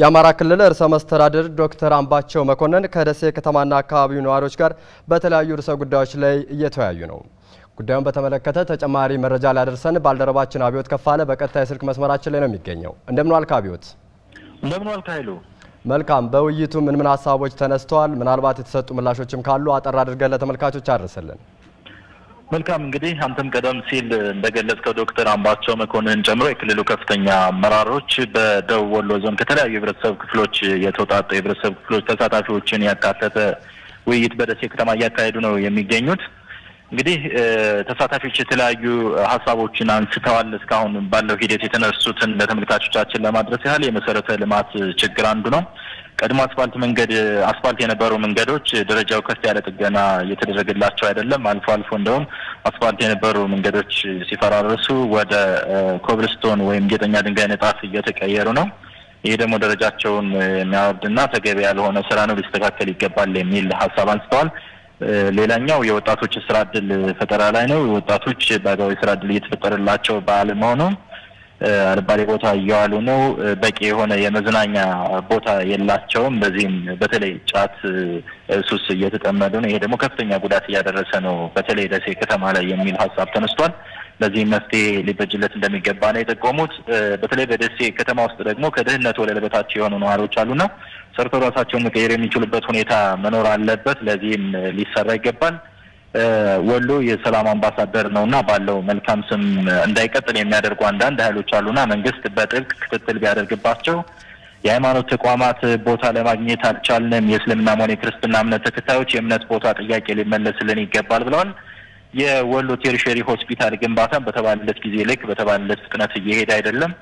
የአማራ ክልል ርዕሰ መስተዳድር ዶክተር አምባቸው መኮንን ከደሴ ከተማና አካባቢው ነዋሪዎች ጋር በተለያዩ ርዕሰ ጉዳዮች ላይ እየተወያዩ ነው። ጉዳዩን በተመለከተ ተጨማሪ መረጃ ሊያደርሰን ባልደረባችን አብዮት ከፋለ በቀጥታ የስልክ መስመራችን ላይ ነው የሚገኘው። እንደምን ዋልክ አብዮት? እንደምን ዋልክ ኃይሉ። መልካም። በውይይቱ ምን ምን ሀሳቦች ተነስተዋል? ምናልባት የተሰጡ ምላሾችም ካሉ አጠር አድርገን ለተመልካቾች አድርሰልን። መልካም እንግዲህ አንተም ቀደም ሲል እንደገለጽከው ዶክተር አምባቸው መኮንን ጨምሮ የክልሉ ከፍተኛ አመራሮች በደቡብ ወሎ ዞን ከተለያዩ የህብረተሰብ ክፍሎች የተውጣጡ የህብረተሰብ ክፍሎች ተሳታፊዎችን ያካተተ ውይይት በደሴ ከተማ እያካሄዱ ነው የሚገኙት። እንግዲህ ተሳታፊዎች የተለያዩ ሀሳቦችን አንስተዋል። እስካሁን ባለው ሂደት የተነሱትን ለተመልካቾቻችን ለማድረስ ያህል የመሰረተ ልማት ችግር አንዱ ነው። ቀድሞ አስፋልት መንገድ አስፋልት የነበሩ መንገዶች ደረጃው ከፍ ያለ ጥገና እየተደረገላቸው አይደለም። አልፎ አልፎ እንደውም አስፋልት የነበሩ መንገዶች ሲፈራረሱ ወደ ኮብልስቶን ወይም ጌጠኛ ድንጋይ ንጣፍ እየተቀየሩ ነው። ይሄ ደግሞ ደረጃቸውን የሚያወርድና ተገቢ ያልሆነ ስራ ነው፣ ሊስተካከል ይገባል የሚል ሀሳብ አንስተዋል። ሌላኛው የወጣቶች ስራ እድል ፈጠራ ላይ ነው። ወጣቶች በአግባቡ ስራ እድል እየተፈጠረላቸው በአለመሆኑ አልባሌ ቦታ እየዋሉ ነው። በቂ የሆነ የመዝናኛ ቦታ የላቸውም። በዚህም በተለይ ጫት ሱስ እየተጠመዱ ነው። ይሄ ደግሞ ከፍተኛ ጉዳት እያደረሰ ነው፣ በተለይ ደሴ ከተማ ላይ የሚል ሀሳብ ተነስቷል። በዚህ መፍትሄ ሊበጅለት እንደሚገባ ነው የጠቆሙት። በተለይ በደሴ ከተማ ውስጥ ደግሞ ከድህነት ወለል በታች የሆኑ ነዋሪዎች አሉና ሰርቶ ራሳቸውን መቀየር የሚችሉበት ሁኔታ መኖር አለበት። ለዚህም ሊሰራ ይገባል። ወሎ የሰላም አምባሳደር ነው እና ባለው መልካም ስም እንዳይቀጥል የሚያደርጉ አንዳንድ ኃይሎች አሉና መንግስት በጥብቅ ክትትል ቢያደርግባቸው የሃይማኖት ተቋማት ቦታ ለማግኘት አልቻልንም፣ የእስልምና ሆነ የክርስትና እምነት ተከታዮች የእምነት ቦታ ጥያቄ ሊመለስልን ይገባል ብለዋል። የወሎ ቴርሸሪ ሆስፒታል ግንባታን በተባለለት ጊዜ ልክ በተባለለት ፍጥነት እየሄደ አይደለም።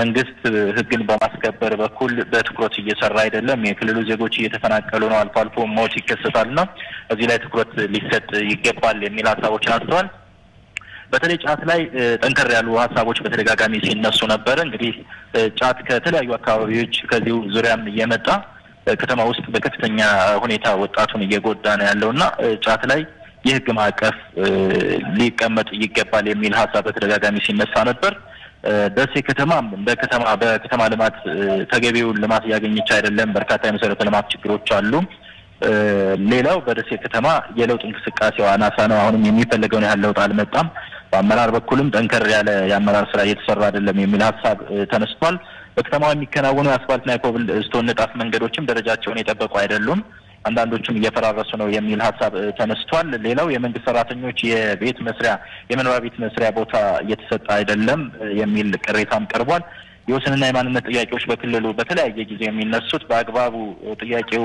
መንግስት ህግን በማስከበር በኩል በትኩረት እየሰራ አይደለም። የክልሉ ዜጎች እየተፈናቀሉ ነው። አልፎ አልፎ ሞት ይከሰታል ነው እዚህ ላይ ትኩረት ሊሰጥ ይገባል የሚል ሀሳቦችን አንስተዋል። በተለይ ጫት ላይ ጠንከር ያሉ ሀሳቦች በተደጋጋሚ ሲነሱ ነበረ። እንግዲህ ጫት ከተለያዩ አካባቢዎች ከዚሁ ዙሪያም እየመጣ ከተማ ውስጥ በከፍተኛ ሁኔታ ወጣቱን እየጎዳ ነው ያለው እና ጫት ላይ የህግ ማዕቀፍ ሊቀመጥ ይገባል የሚል ሀሳብ በተደጋጋሚ ሲነሳ ነበር። ደሴ ከተማም በከተማ በከተማ ልማት ተገቢውን ልማት እያገኘች አይደለም። በርካታ የመሰረተ ልማት ችግሮች አሉ። ሌላው በደሴ ከተማ የለውጥ እንቅስቃሴው አናሳ ነው። አሁንም የሚፈለገውን ያህል ለውጥ አልመጣም። በአመራር በኩልም ጠንከር ያለ የአመራር ስራ እየተሰራ አይደለም የሚል ሀሳብ ተነስቷል። በከተማዋ የሚከናወኑ የአስፋልትና የኮብል ስቶን ንጣፍ መንገዶችም ደረጃቸውን የጠበቁ አይደሉም። አንዳንዶቹም እየፈራረሱ ነው የሚል ሀሳብ ተነስቷል። ሌላው የመንግስት ሰራተኞች የቤት መስሪያ የመኖሪያ ቤት መስሪያ ቦታ እየተሰጠ አይደለም የሚል ቅሬታም ቀርቧል። የወሰንና የማንነት ጥያቄዎች በክልሉ በተለያየ ጊዜ የሚነሱት በአግባቡ ጥያቄው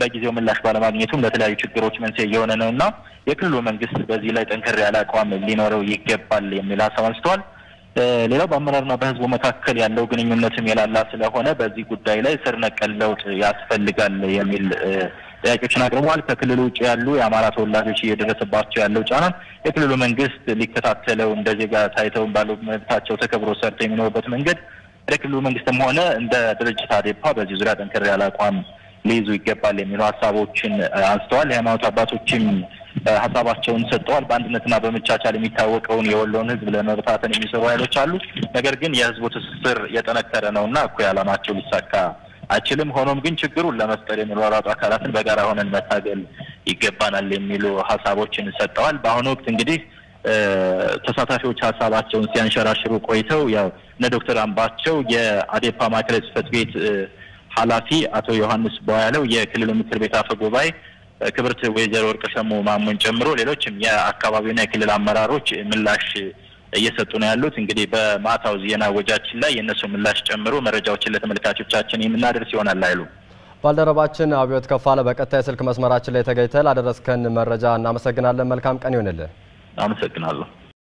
በጊዜው ምላሽ ባለማግኘቱም ለተለያዩ ችግሮች መንስኤ እየሆነ ነው እና የክልሉ መንግስት በዚህ ላይ ጠንከር ያለ አቋም ሊኖረው ይገባል የሚል ሀሳብ አንስተዋል። ሌላው በአመራርና በህዝቡ መካከል ያለው ግንኙነትም የላላ ስለሆነ በዚህ ጉዳይ ላይ ስር ነቀል ለውጥ ያስፈልጋል የሚል ጥያቄዎችን አቅርበዋል። ከክልሉ ውጭ ያሉ የአማራ ተወላጆች እየደረሰባቸው ያለው ጫና የክልሉ መንግስት ሊከታተለው እንደ ዜጋ ታይተውን ባሉ መብታቸው ተከብሮ ሰርተው የሚኖሩበት መንገድ ወደ ክልሉ መንግስትም ሆነ እንደ ድርጅት አዴፓ በዚህ ዙሪያ ጠንከር ያለ አቋም ሊይዙ ይገባል የሚሉ ሀሳቦችን አንስተዋል። የሃይማኖት አባቶችም ሀሳባቸውን ሰጥተዋል። በአንድነትና በመቻቻል የሚታወቀውን የወሎን ህዝብ ለመበታተን የሚሰሩ ኃይሎች አሉ። ነገር ግን የህዝቡ ትስስር የጠነከረ ነው እና እኩይ ዓላማቸው ሊሳካ አችልም። ሆኖም ግን ችግሩን ለመፍጠር የሚሯሯጡ አካላትን በጋራ ሆነን መታገል ይገባናል የሚሉ ሀሳቦችን ሰጠዋል። በአሁኑ ወቅት እንግዲህ ተሳታፊዎች ሀሳባቸውን ሲያንሸራሽሩ ቆይተው ያው እነ ዶክተር አምባቸው የአዴፓ ማዕከላዊ ጽህፈት ቤት ኃላፊ አቶ ዮሐንስ በያለው የክልሉ ምክር ቤት አፈ ጉባኤ ክብርት ወይዘሮ ሰሙ ማሙን ጨምሮ ሌሎችም የአካባቢውና የክልል አመራሮች ምላሽ እየሰጡ ነው ያሉት። እንግዲህ በማታው ዜና ወጃችን ላይ የእነሱ ምላሽ ጨምሮ መረጃዎችን ለተመልካቾቻችን የምናደርስ ይሆናል አይሉ ባልደረባችን አብዮት ከፋለ በቀጥታ የስልክ መስመራችን ላይ ተገኝተ ላደረስከን መረጃ እናመሰግናለን። መልካም ቀን ይሆንልን። አመሰግናለሁ።